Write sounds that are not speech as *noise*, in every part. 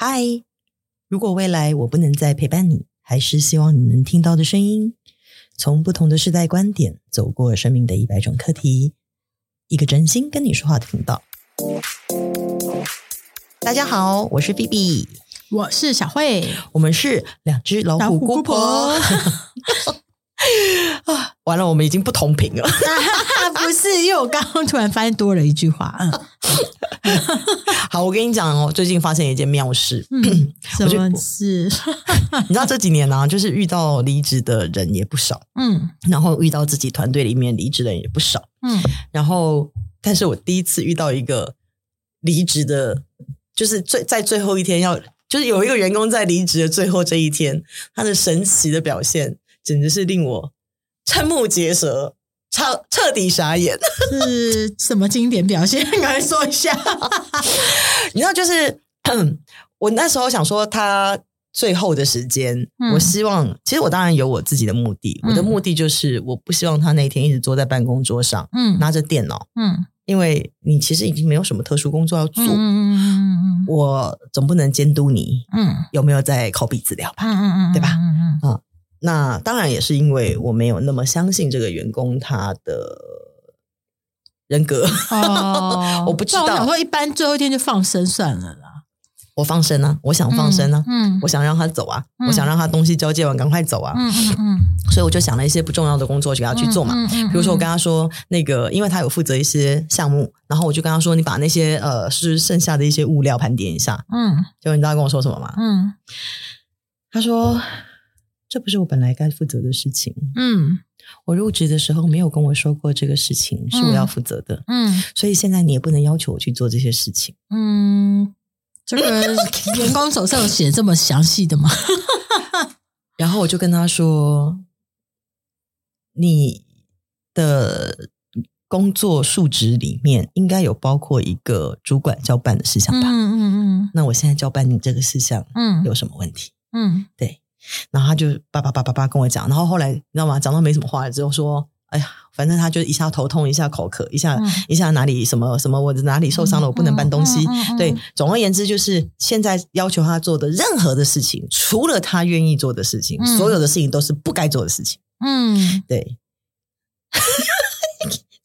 嗨，Hi，如果未來我不能再陪伴你，還是希望你能聽到的聲音，從不同的世代觀點走過生命的一百種課題，一個真心跟你說話的頻道。大家好，我是 BB，我是小慧，我們是兩隻老虎姑婆。 *laughs* 啊！完了，我們已經不同頻了、啊。不是，因為我剛剛突然發現多了一句話。嗯、好，我跟你講哦，最近發現一件妙事。嗯、什麼事？你知道這幾年呢、啊，就是遇到離職的人也不少，嗯，然後遇到自己團隊裡面離職的人也不少，嗯，然後，但是我第一次遇到一個離職的，就是最在最後一天要，就是有一個員工在離職的最後這一天，他的神奇的表現。簡直是令我瞠目結舌，徹徹底傻眼。 *laughs* 是什麼經典表現？你來說一下。 *laughs* 你知道，就是我那時候想說，他最後的時間，嗯、我希望其實我當然有我自己的目的，嗯、我的目的就是我不希望他那天一直坐在辦公桌上，嗯、拿着電腦，嗯嗯、因為你其實已經沒有什麼特殊工作要做，嗯、我總不能監督你，嗯、有沒有在 copy 資料吧，嗯、對吧，嗯嗯嗯。那當然也是因為我沒有那麼相信這個員工他的人格、哦， *laughs* 我不知道。我說一般最後一天就放生算了啦，我放生啊，我想放生啊，嗯，嗯我想讓他走啊，嗯、我想讓他東西交接完趕快走啊，嗯，嗯嗯所以我就想了一些不重要的工作給他去做嘛，比、嗯嗯嗯、如說我跟他說、嗯嗯、那個，因為他有負責一些項目，然後我就跟他說你把那些呃是剩下的一些物料盤點一下，嗯，就你知道他跟我說什麼嗎？嗯，嗯他說。這不是我本來該負責的事情。嗯，我入職的時候沒有跟我說過這個事情、嗯、是我要負責的。嗯，所以現在你也不能要求我去做這些事情。嗯，這個員工手冊寫這麼詳細的嗎？哈哈哈。然後我就跟他說，你的工作數值裡面應該有包括一個主管交辦的事項吧？嗯嗯嗯。嗯嗯那我現在交辦你這個事項，嗯，有什麼問題？嗯，嗯對。然後他就叭叭叭叭叭跟我講，然後後來你知道嗎？講到沒什麼話了之後說：“哎呀，反正他就一下頭痛，一下口渴，一下一下哪裡什麼什麼，我哪裡受傷了，我不能搬東西。對，總而言之，就是現在要求他做的任何的事情，除了他願意做的事情，所有的事情都是不該做的事情。嗯，對，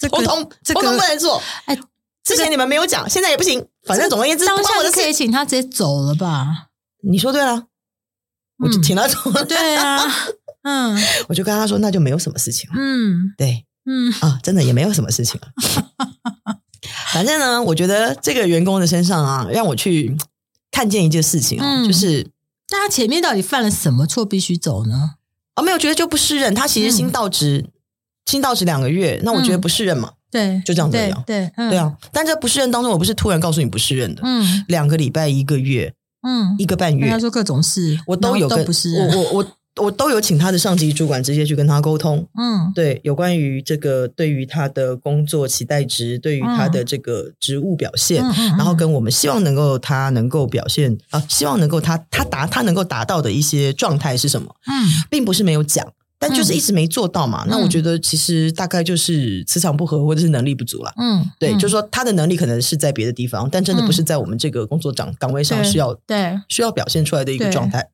溝通溝通不能做。哎，之前你們沒有講，現在也不行。反正總而言之，當下就可以，請他直接走了吧？你說對了。”我就聽他說，對啊，嗯，我就跟他說，那就沒有什麼事情了，嗯，對，嗯啊，真的也沒有什麼事情了，反正呢，我覺得這個員工的身上啊，讓我去看見一件事情啊，就是他前面到底犯了什麼錯必須走呢？啊，沒有，我覺得就不適任，他其實新到職，新到職兩個月，那我覺得不適任嘛，對，就這樣子了，對，對啊，但這不適任當中，我不是突然告訴你不適任的，嗯，兩個禮拜一個月。嗯，一個半月，他說各種事，我都有跟，不是啊，我我我我都有請他的上級主管直接去跟他溝通。嗯，對，有關於這個，對於他的工作期待值，嗯、對於他的這個職務表現，嗯嗯嗯、然後跟我們希望能夠他能夠表現啊、呃，希望能夠他他達他能夠達到的一些狀態是什麼？嗯，並不是沒有講。但就是一直沒做到嘛，嗯、那我覺得其實大概就是磁場不合，嗯、或者是能力不足了。嗯，對，就是說他的能力可能是在別的地方，嗯、但真的不是在我們這個工作崗崗位上需要，對，對需要表現出來的一個狀態，對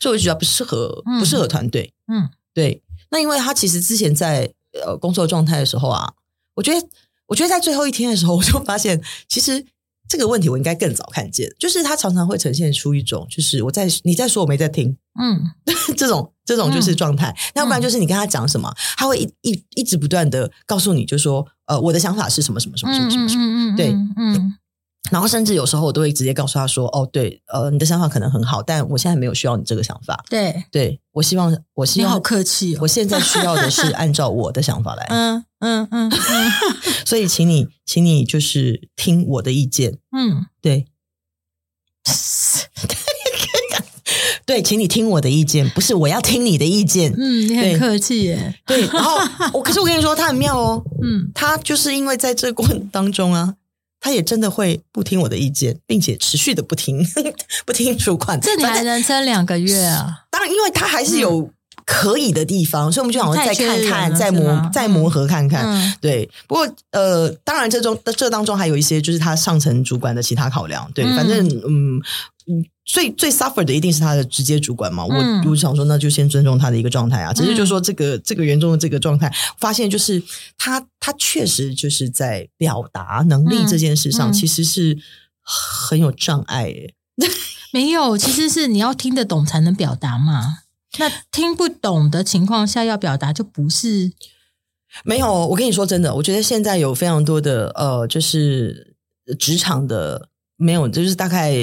所以我就覺得不適合，不適合團隊。嗯，對。那因為他其實之前在呃工作狀態的時候啊，我覺得，我覺得在最後一天的時候，我就發現其實。這個問題我應該更早看見，就是他常常會呈現出一種，就是我在你在說我沒在聽，嗯，這種這種就是狀態，要、嗯、不然就是你跟他講什麼，嗯、他會一一一直不斷的告訴你，就說呃我的想法是什麼什麼什麼什麼什麼，什麼。對，嗯。然後，甚至有時候我都會直接告訴他說：“哦，對，呃，你的想法可能很好，但我現在沒有需要你這個想法。”對，對，我希望，我希望你好客氣哦。我現在需要的是按照我的想法來。嗯嗯嗯嗯。嗯嗯嗯 *laughs* 所以，請你，請你就是聽我的意見。嗯，對。 *laughs* 對，請你聽我的意見，不是我要聽你的意見。嗯，你很客氣耶。對，對，然後我，可是我跟你說，他很妙哦。嗯，他就是因為在這過程當中啊。他也真的會不聽我的意見，並且持續的不聽，呵呵不聽主管。這你還能撐兩個月啊？當然，因為他還是有可以的地方，嗯、所以我們就想再看看，再磨，嗎再磨合看看。嗯、對，不過呃，當然這中這當中還有一些就是他上層主管的其他考量。對，嗯、反正嗯。最最 suffer 的一定是他的直接主管嘛。我我想說，那就先尊重他的一個狀態啊。嗯、只是就是說這個這個員工的這個狀態，發現就是他他確實就是在表達能力這件事上，其實是很有障礙、欸嗯嗯。沒有，其實是你要聽得懂才能表達嘛。 *laughs* 那聽不懂的情況下要表達，就不是沒有。我跟你說真的，我覺得現在有非常多的呃，就是職場的。沒有，就是大概，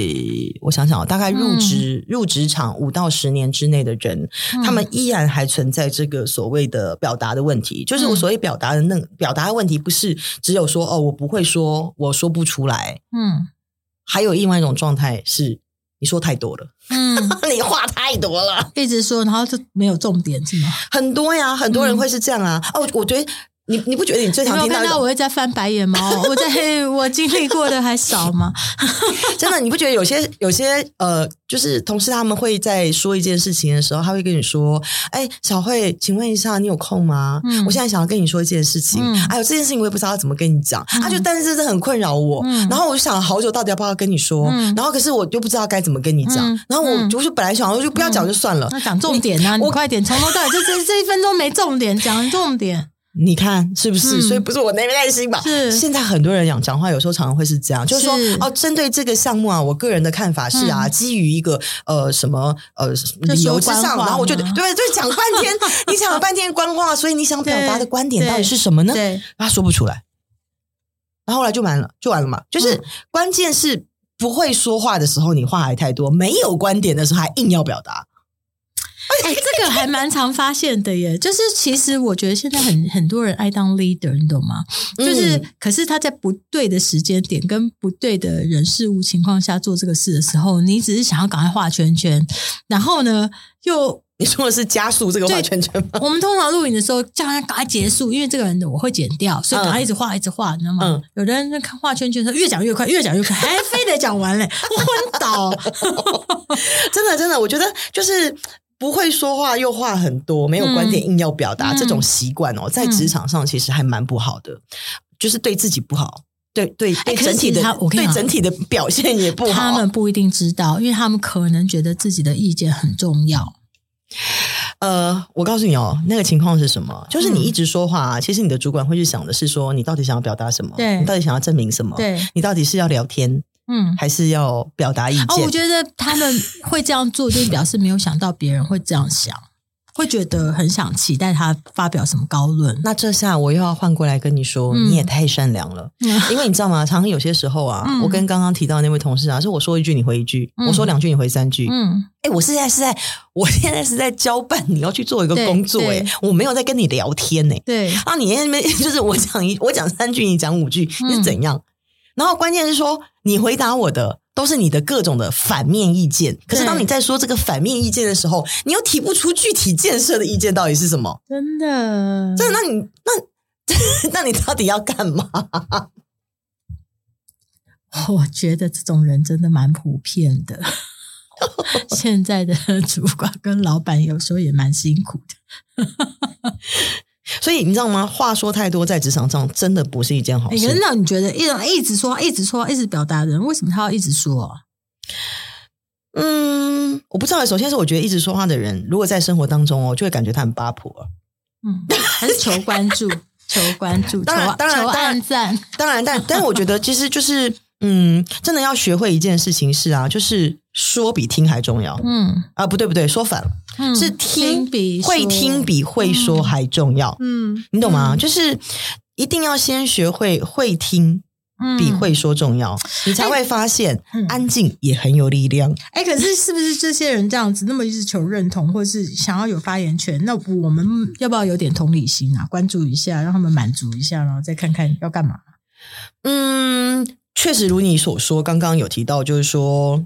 我想想啊，大概入職、嗯、入職場五到十年之內的人，嗯、他們依然還存在這個所謂的表達的問題，就是我所謂表達的那、嗯、表達的問題，不是只有說哦，我不會說，我說不出來，嗯，還有另外一種狀態是，你說太多了，嗯， *laughs* 你話太多了，一直說，然後就沒有重點，是嗎？很多呀，很多人會是這樣啊，哦、嗯啊，我覺得。你你不覺得你最常聽到，看到我會在翻白眼嗎？我在，我經歷過的還少嗎？真的，你不覺得有些有些呃，就是同事他們會，在說一件事情的時候，他會跟你說：“哎，小慧，請問一下，你有空嗎？我現在想要跟你說一件事情。哎呦，這件事情我也不知道要怎麼跟你講。他就，但是這是很困擾我。然後我就想了好久，到底要不要跟你說？然後可是我就不知道該怎麼跟你講。然後我我就本來想，我就不要講就算了。那講重點啊！你快點，從頭到尾這這這一分鐘沒重點，講重點。你看是不是？嗯、所以不是我沒耐心吧？是現在很多人講講話，有時候常常會是這樣，就是說是哦，針對這個項目啊，我個人的看法是啊，嗯、基於一個呃什麼呃理由之上，然後我覺得嗎對，對，就講半天， *laughs* 你講了半天官話，所以你想表達的觀點到底是什麼呢？對，他、啊、說不出來，然後來就完了，就完了嘛。就是關鍵是不會說話的時候，你話還太多；沒有觀點的時候，還硬要表達。哎、欸，這個還蠻常發現的耶，就是其實我覺得現在很很多人愛當 leader，你懂嗎？就是、嗯、可是他在不對的時間點、跟不對的人事物情況下做這個事的時候，你只是想要趕快畫圈圈，然後呢，又，你說的是加速這個畫圈圈嗎？我們通常錄影的時候叫他趕快結束，因為這個人的我會剪掉，所以趕快一直畫、嗯、一直畫，你知道嗎？嗯、有的人看畫圈圈說越講越快，越講越快，還非得講完嘞、欸， *laughs* 我昏倒。 *laughs* 真的真的，我覺得就是。不會說話又話很多，沒有觀點硬要表達、嗯、這種習慣哦，在職場上其實還蠻不好的，嗯、就是對自己不好，對對，對、欸、整體的，對整體的表現也不好。他們不一定知道，因為他們可能覺得自己的意見很重要。呃，我告訴你哦，那個情況是什麼？就是你一直說話、啊，嗯、其實你的主管會去想的是說，你到底想要表達什麼？對你到底想要證明什麼？對你到底是要聊天？嗯，還是要表達意見、嗯哦。我覺得他們會這樣做，就是表示沒有想到別人會這樣想，會覺得很想期待他發表什麼高論。那這下我又要換過來跟你說，嗯、你也太善良了，嗯、因為你知道嗎？常常有些時候啊，嗯、我跟剛剛提到那位同事啊，是我說一句你回一句，嗯、我說兩句你回三句。嗯，哎、欸，我現在是在，我現在是在交辦你要去做一個工作、欸，哎，我沒有在跟你聊天呢、欸。對啊，你在那邊就是我講一，我講三句，你講五句你是怎樣？嗯、然後關鍵是說。你回答我的都是你的各種的反面意見，對可是當你在說這個反面意見的時候，你又提不出具體建設的意見，到底是什麼？真的，真的，那你那， *laughs* 那你到底要幹嘛？我覺得這種人真的蠻普遍的， *laughs* 現在的主管跟老闆有時候也蠻辛苦的。 *laughs* 所以你知道嗎？話說太多，在職場上真的不是一件好事。人呢、欸？你覺得一一直說、一直說、一直表達的人，為什麼他要一直說、啊？嗯，我不知道。首先是我覺得，一直說話的人，如果在生活當中哦，就會感覺他很八婆。嗯，還是求關注、 *laughs* 求關注。求當然，當然，當然當然，但但我覺得，其實就是嗯，真的要學會一件事情是啊，就是說比聽還重要。嗯啊，不對不對，說反了。是聽，聽比會聽比會說還重要，嗯，你懂嗎？嗯、就是一定要先學會會聽，比會說重要，嗯、你才會發現安靜也很有力量哎。哎，可是是不是這些人這樣子，那麼一直求認同，或是想要有發言權？那我們要不要有點同理心啊？關注一下，讓他們滿足一下，然後再看看要幹嘛？嗯，確實如你所說，剛剛有提到，就是說。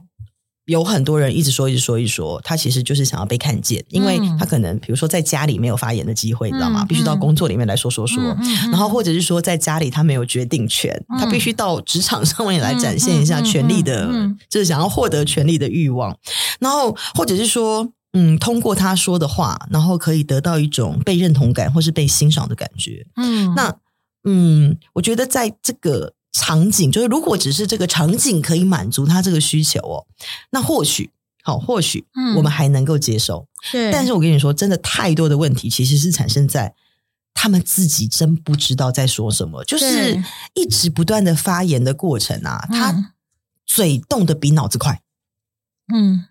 有很多人一直說，一直說，一直說，他其實就是想要被看見，因為他可能比如說在家裡沒有發言的機會，你、嗯、知道嗎？必須到工作裡面來說說說，嗯嗯、然後或者是說在家裡他沒有決定權，嗯、他必須到職場上面來展現一下權力的，嗯嗯嗯嗯、就是想要獲得權力的慾望。然後或者是說，嗯，通過他說的話，然後可以得到一種被認同感或是被欣賞的感覺。嗯，那嗯，我覺得在這個。場景就是，如果只是這個場景可以滿足他這個需求哦，那或許好、哦，或許嗯，我們還能夠接受。嗯、是，但是我跟你說，真的太多的問題其實是產生在他們自己真不知道在說什麼，就是一直不斷的發言的過程啊，他對嘴動得比腦子快。嗯，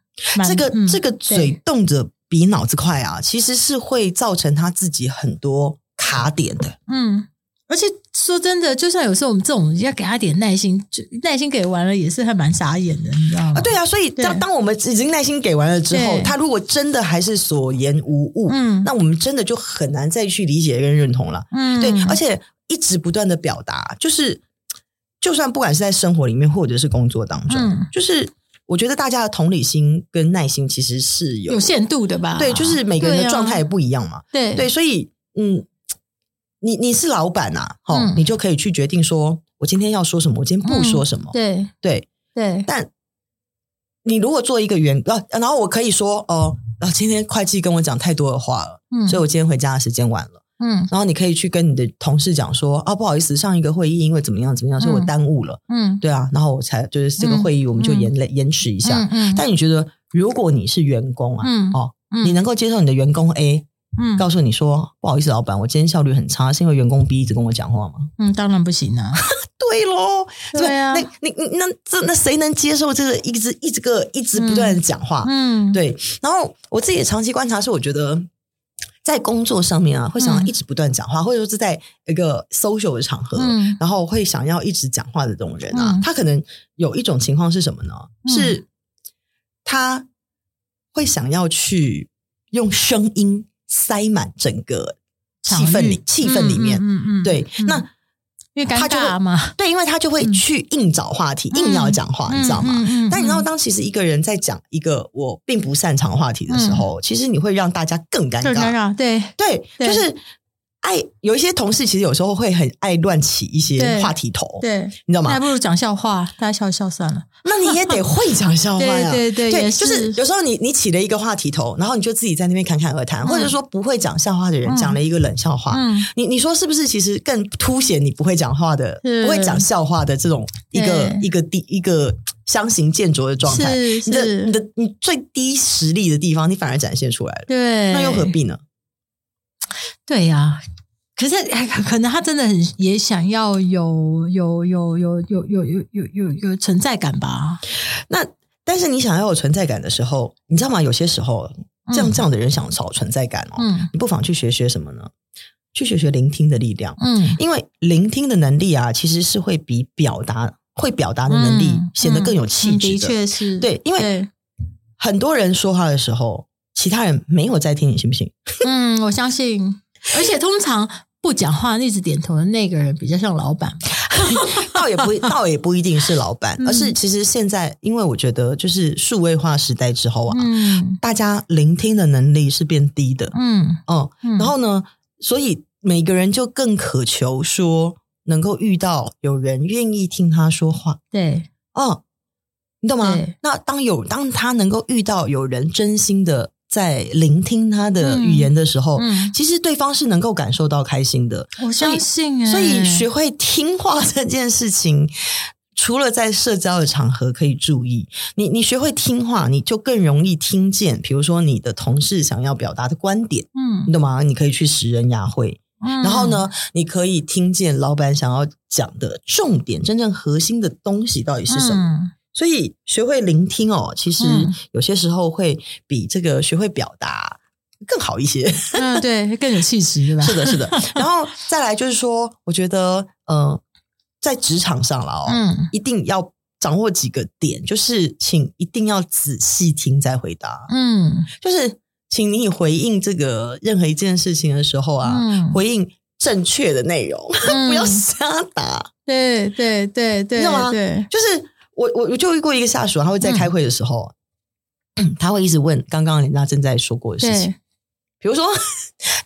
這個、嗯、這個嘴動得比腦子快啊，對其實是會造成他自己很多卡點的。嗯，而且。說真的，就算有時候我們這種人家給他點耐心，就耐心給完了，也是還蠻傻眼的，你知道嗎？啊、對呀、啊，所以當對當我們已經耐心給完了之後，對他如果真的還是所言無物，嗯，那我們真的就很難再去理解跟認同了，嗯，對。而且一直不斷的表達，就是就算不管是在生活裡面或者是工作當中，嗯、就是我覺得大家的同理心跟耐心其實是有有限度的吧？對，就是每個人的狀態也不一樣嘛，對、啊、對，對，所以嗯。你你是老板吶，好，你就可以去決定說，我今天要說什麼，我今天不說什麼，對對對。但你如果做一個員，哦，然後我可以說，哦，今天會計跟我講太多的話了，所以我今天回家的時間晚了，嗯，然後你可以去跟你的同事講說，啊，不好意思，上一個會議因為怎麼樣怎麼樣，所以我耽誤了，嗯，對啊，然後我才就是這個會議我們就延延遲一下，嗯，但你覺得如果你是員工啊，嗯，哦，你能夠接受你的員工 A？嗯，告訴你說不好意思，老闆，我今天效率很差，是因為員工逼一直跟我講話嗎？嗯，當然不行啊， *laughs* 對咯。對呀、啊，那、你、那、這、那誰能接受這個一直、一直個、一直不斷的講話？嗯，嗯對。然後我自己長期觀察是，我覺得在工作上面啊，會想要一直不斷講話，嗯、或者說是在一個 social 的場合，嗯、然後會想要一直講話的這種人啊，嗯、他可能有一種情況是什麼呢？嗯、是他會想要去用聲音。塞滿整個氣氛裡，氣氛裡面，嗯嗯，對，那他就對，因為他就會去硬找話題，硬要講話，你知道嗎？但你知道，當其實一個人在講一個我並不擅長話題的時候，其實你會讓大家更尷尬，對對，就是。愛有一些同事，其實有時候會很愛亂起一些話題頭，對你知道嗎？還不如講笑話，大家笑笑算了。那你也得會講笑話呀？對，對對。就是有時候你你起了一個話題頭，然後你就自己在那邊侃侃而談，或者說不會講笑話的人講了一個冷笑話，你你說是不是？其實更凸顯你不會講話的、不會講笑話的這種一個一個地一個相形見絀的狀態。你的你的你最低實力的地方，你反而展現出來了，對，那又何必呢？對呀、啊，可是可能他真的很也想要有有有有有有有有有存在感吧。那但是你想要有存在感的時候，你知道嗎？有些時候，這樣、嗯、這樣的人想找存在感哦。嗯、你不妨去學學什麼呢？去學學聆聽的力量。嗯，因為聆聽的能力啊，其實是會比表達會表達的能力顯得更有氣質的。嗯嗯、的確是對，因為很多人說話的時候，其他人沒有在聽你，你信不信？ *laughs* 嗯，我相信。而且通常不講話、一直點頭的那個人比較像老闆， *laughs* 倒也不倒也不一定是老闆，嗯、而是其實現在，因為我覺得就是數位化時代之後啊，嗯、大家聆聽的能力是變低的，嗯嗯、哦，然後呢，嗯、所以每個人就更渴求說能夠遇到有人願意聽他說話，對，哦，你懂嗎？對那當有當他能夠遇到有人真心的。在聆聽他的語言的時候，嗯嗯、其實對方是能夠感受到開心的。我相信、欸所，所以學會聽話這件事情，嗯、除了在社交的場合可以注意，你你學會聽話，你就更容易聽見，比如說你的同事想要表達的觀點，嗯，你懂嗎？你可以去拾人牙慧，嗯、然後呢，你可以聽見老板想要講的重點，真正核心的東西到底是什麼。嗯所以學會聆聽哦，其實有些時候會比這個學會表達更好一些。嗯、對，更有氣質是吧？是的，是的。 *laughs* 然後再來就是說，我覺得呃，在職場上了、哦、嗯，一定要掌握幾個點，就是請一定要仔細聽再回答。嗯，就是請你回應這個任何一件事情的時候啊，嗯、回應正確的內容，嗯、不要瞎答。對對對對，知道嗎？對，對，就是。我我我就遇過一個下屬，他會在開會的時候，嗯、他會一直問剛剛人家正在說過的事情。比如說，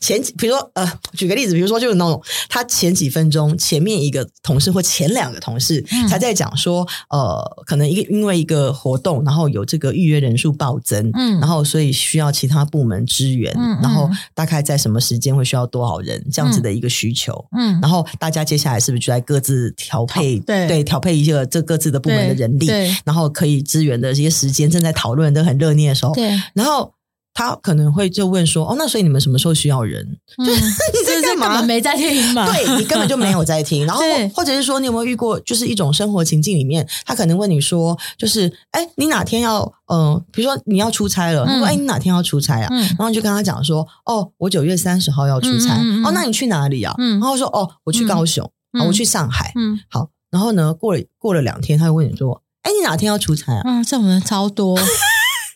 前比如說呃，舉個例子，比如說就是那、no, 種他前幾分鐘，前面一個同事或前兩個同事才在講說，嗯、呃，可能一個因為一個活動，然後有這個預約人數暴增，嗯，然後所以需要其他部門支援，嗯，嗯然後大概在什麼時間會需要多少人這樣子的一個需求，嗯，嗯然後大家接下來是不是就在各自調配，對，對，調配一下這各自的部門的人力，然後可以支援的這些時間，正在討論都很熱烈的時候，對，然後。他可能會就問說：“哦，那所以你們什麼時候需要人？”就是你在幹嘛沒在聽嘛？對，你根本就沒有在聽。然後或者是說，你有沒有遇過就是一種生活情境裡面，他可能問你說：“就是誒你哪天要呃，比如說你要出差了，他說：‘誒你哪天要出差啊？’然後你就跟他講說：‘哦，我九月三十號要出差。’哦，那你去哪裡啊？然後說：‘哦，我去高雄，我去上海。’嗯，好。然後呢，過了過了兩天，他會問你說：‘誒你哪天要出差啊？’嗯，這種人超多。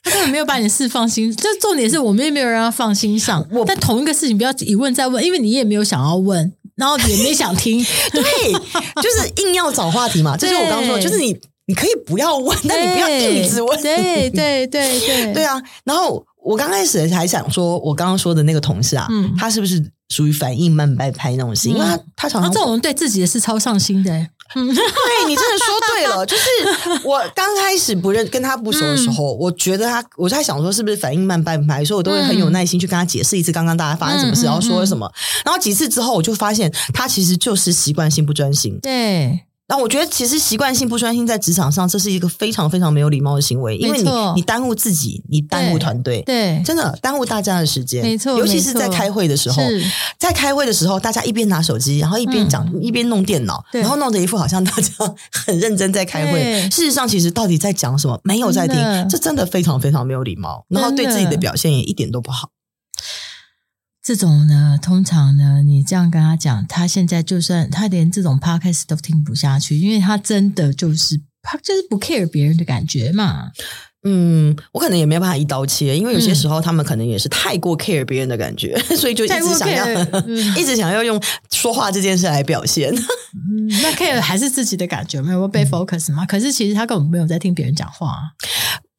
我根本沒有把你的事放心，這重點是我們也沒有讓他放心上。我但同一個事情，不要一問再問，因為你也沒有想要問，然後也沒想聽， *laughs* 對，就是硬要找話題嘛。對這就是我剛剛說的，就是你你可以不要問，但你不要一直問，對對對對，對、對、對， *laughs* 對啊。然後我剛開始還想說，我剛剛說的那個同事啊，嗯、他是不是屬於反應慢半拍、拍那種型？嗯、因為他他常常、啊、這種人對自己的事超上心的、欸。 *laughs* 對，你真的說對了，就是我剛開始不認跟他不熟的時候，嗯、我覺得他，我在想說是不是反應慢半拍，所以我都會很有耐心去跟他解釋一次剛剛大家發生什麼事，然後說了什麼。然後幾次之後，我就發現他其實就是習慣性不專心。對。然後我覺得，其實習慣性不專心在職場上，這是一個非常非常沒有禮貌的行為，沒錯因為你你耽誤自己，你耽誤團隊，對，對真的耽誤大家的時間。沒錯，尤其是在開會的時候，沒錯在開會的時候，是大家一邊拿手機，然後一邊講，嗯、一邊弄電腦，對然後弄得一副好像大家很認真在開會。對事實上，其實到底在講什麼，沒有在聽，真的這真的非常非常沒有禮貌，然後對自己的表現也一點都不好。這種呢，通常呢，你這樣跟他講，他現在就算他連這種 podcast 都聽不下去，因為他真的就是他就是不 care 別人的感覺嘛。嗯，我可能也沒有辦法一刀切，因為有些時候他們可能也是太過 care 別人的感覺，嗯、所以就一直想要、嗯、一直想要用說話這件事來表現。嗯、那 care 還是自己的感覺，沒有被 focus 嗎？嗯、可是其實他根本沒有在聽別人講話。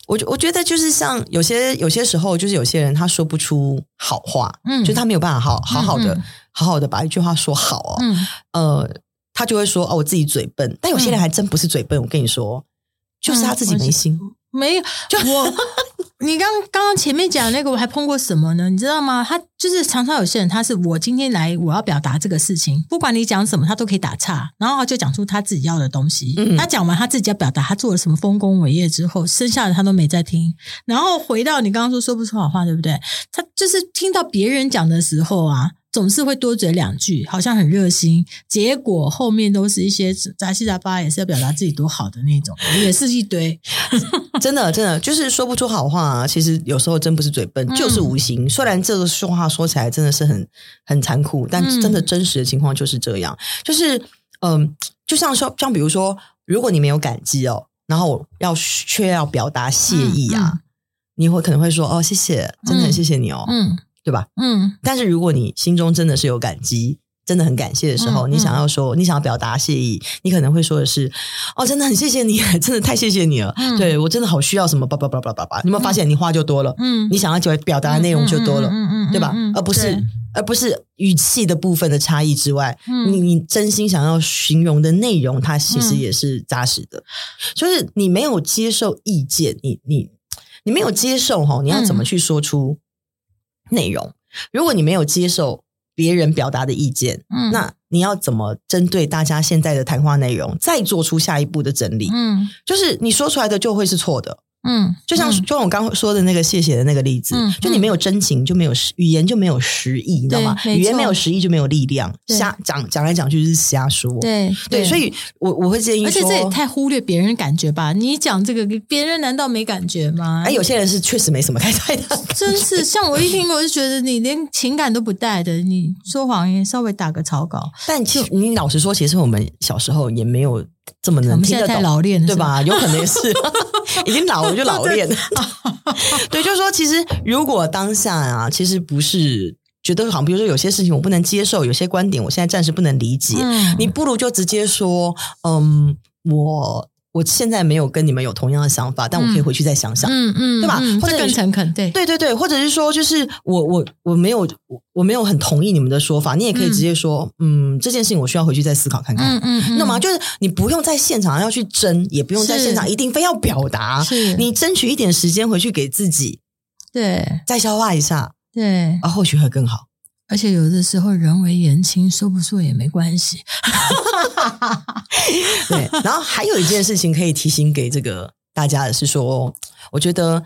我覺我覺得就是像有些有些時候，就是有些人他說不出好話，嗯，就是他沒有辦法好好好的好好的把一句話說好哦，嗯，呃，他就會說哦，我自己嘴笨，但有些人還真不是嘴笨，我跟你說，就是他自己沒心。嗯沒有，就我 *laughs* 你剛，剛剛前面講的那個，我還碰過什麼呢？你知道嗎？他就是常常有些人，他是我今天來，我要表達這個事情，不管你講什麼，他都可以打岔，然後就講出他自己要的東西。他講完他自己要表達，他做了什麼豐功偉業之後，剩下的他都沒再聽。然後回到你剛剛說說不出好話，對不對？他就是聽到別人講的時候啊。總是會多嘴兩句，好像很熱心，結果後面都是一些雜七雜八，也是要表達自己多好的那種， *laughs* 也是一堆， *laughs* 真的真的就是說不出好話，啊。其實有時候真不是嘴笨，嗯、就是無形。雖然這個說話說起來真的是很很殘酷，但真的真實的情況就是這樣。嗯、就是嗯、呃，就像說，像比如說，如果你沒有感激哦，然後要卻要表達謝意啊，嗯嗯、你會可能會說哦，謝謝，真的很謝謝你哦，嗯。嗯對吧？嗯，但是如果你心中真的是有感激，真的很感謝的時候，你想要說，你想要表達謝意，你可能會說的是：“哦，真的很謝謝你，真的太謝謝你了。”對，我真的好需要什麼，叭叭叭叭叭叭。你有沒有發現，你話就多了？嗯，你想要去表達的內容就多了，嗯嗯，對吧？而不是，而不是語氣的部分的差異之外，你你真心想要形容的內容，它其實也是紮實的。就是你沒有接受意見，你你你沒有接受哈，你要怎麼去說出？內容，如果你沒有接受別人表達的意見，嗯，那你要怎麼針對大家現在的談話內容，再做出下一步的整理？嗯，就是你說出來的就會是錯的。嗯，嗯，就像就像我剛說的那個謝謝的那個例子，嗯，嗯，就你沒有真情，就沒有實，語言就沒有實意，你知道嗎？語言沒有實意就沒有力量，對瞎講，講來講去就是瞎說。對對，對，所以我，我我會建議，而且這也太忽略別人的感覺吧？你講這個，別人難道沒感覺嗎？哎，有些人是確實沒什麼開台的，真是。像我一聽， *laughs* 我就覺得你連情感都不帶的，你說謊也稍微打個草稿。但其就實，就你老實說，其實我們小時候也沒有。怎麼能聽得懂？是是對吧？有可能也是， *laughs* 已經老了就老練。 *laughs* *laughs* 對，就是說，其實如果當下啊，其實不是覺得好像，比如說有些事情我不能接受，有些觀點我現在暫時不能理解，嗯、你不如就直接說，嗯，我。我現在沒有跟你們有同樣的想法，但我可以回去再想想，嗯嗯，對吧？嗯嗯、或者更誠懇，對對對對，或者是說，就是我我我沒有我我沒有很同意你們的說法，你也可以直接說，嗯，嗯，這件事情我需要回去再思考看看，嗯，嗯，那麼就是你不用在現場要去爭，也不用在現場是一定非要表達，是你爭取一點時間回去給自己，對，再消化一下，對，啊，或許會更好。而且有的時候人微言輕，說不說也沒關係。 *laughs* *laughs* 對，然後還有一件事情可以提醒給這個大家的是說，我覺得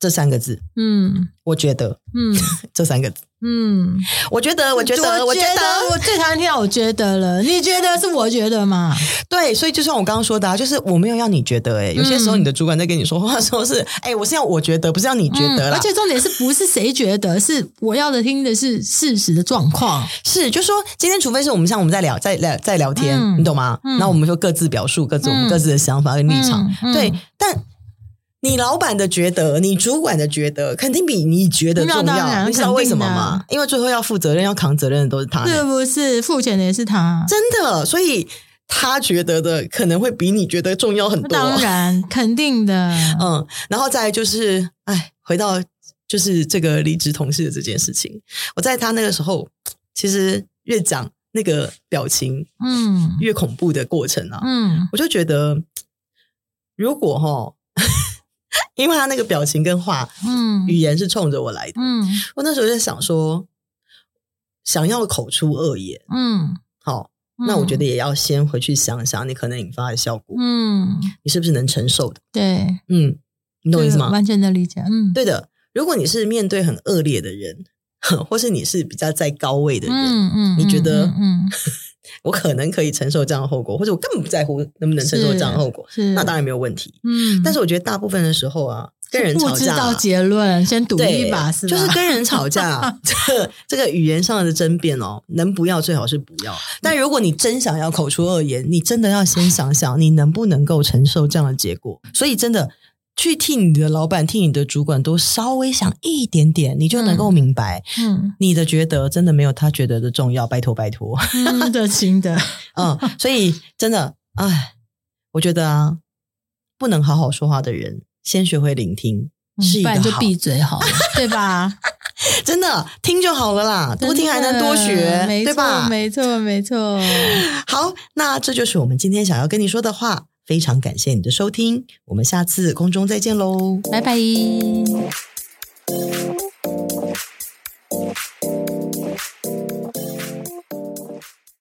這三個字，嗯，我覺得，嗯， *laughs* 這三個字。嗯，我覺得，我覺得，我覺得，我最討厭聽到“我覺得”了。 *laughs* 你覺得是我覺得嗎？對，所以就像我剛剛說的，啊，就是我沒有要你覺得、欸，誒、嗯，有些時候你的主管在跟你說話，說是，哎、欸，我是要我覺得，不是要你覺得啦、嗯。而且重點是不是誰覺得， *laughs* 是我要的聽的是事實的狀況，是，就說今天，除非是我們像我們在聊，在聊，在聊天，嗯、你懂嗎？嗯、然後我們就各自表述各自我們各自的想法跟立場，嗯嗯嗯、對，但。你老闆的覺得，你主管的覺得，肯定比你覺得重要。當然你知道為什麼嗎？因為最後要負責任、要扛責任的都是他，是不是？付錢的也是他，真的。所以他覺得的可能會比你覺得重要很多，當然肯定的。 *laughs* 嗯，然後再來就是，哎，回到就是這個離職同事的這件事情，我在他那個時候，其實越講那個表情，嗯，越恐怖的過程啊，嗯，我就覺得，如果哈。因為他那個表情跟話，語言是衝着我來的，嗯，我那時候就在想說，想要口出惡言，嗯，好，那我覺得也要先回去想想你可能引發的效果，嗯，你是不是能承受的？對，嗯，你懂我意思嗎？完全能理解，嗯，對的。如果你是面對很惡劣的人，或是你是比較在高位的人，嗯嗯，你覺得，嗯。我可能可以承受這樣的後果，或者我根本不在乎能不能承受這樣的後果，那當然沒有問題。嗯、但是我覺得大部分的時候啊，跟人吵架、啊，不知道結論，先賭一把對是吧？就是跟人吵架、啊 *laughs* 這，這個語言上的爭辯哦，能不要最好是不要。嗯、但如果你真想要口出惡言，你真的要先想想你能不能夠承受這樣的結果。所以真的。去替你的老闆、替你的主管多稍微想一點點，你就能夠明白。嗯，你的覺得真的沒有他覺得的重要，拜託拜託。真、 *laughs* 嗯、的、 *laughs* 嗯，真的。嗯，所以真的，哎，我覺得啊，不能好好說話的人，先學會聆聽、嗯、是一個好，就閉嘴好了，對吧？ *laughs* 真的，聽就好了啦，的多聽還能多學，錯對吧？沒錯，沒錯。 *laughs* 好，那這就是我們今天想要跟你說的話。非常感謝你的收聽，我們下次空中再見嘍，拜拜。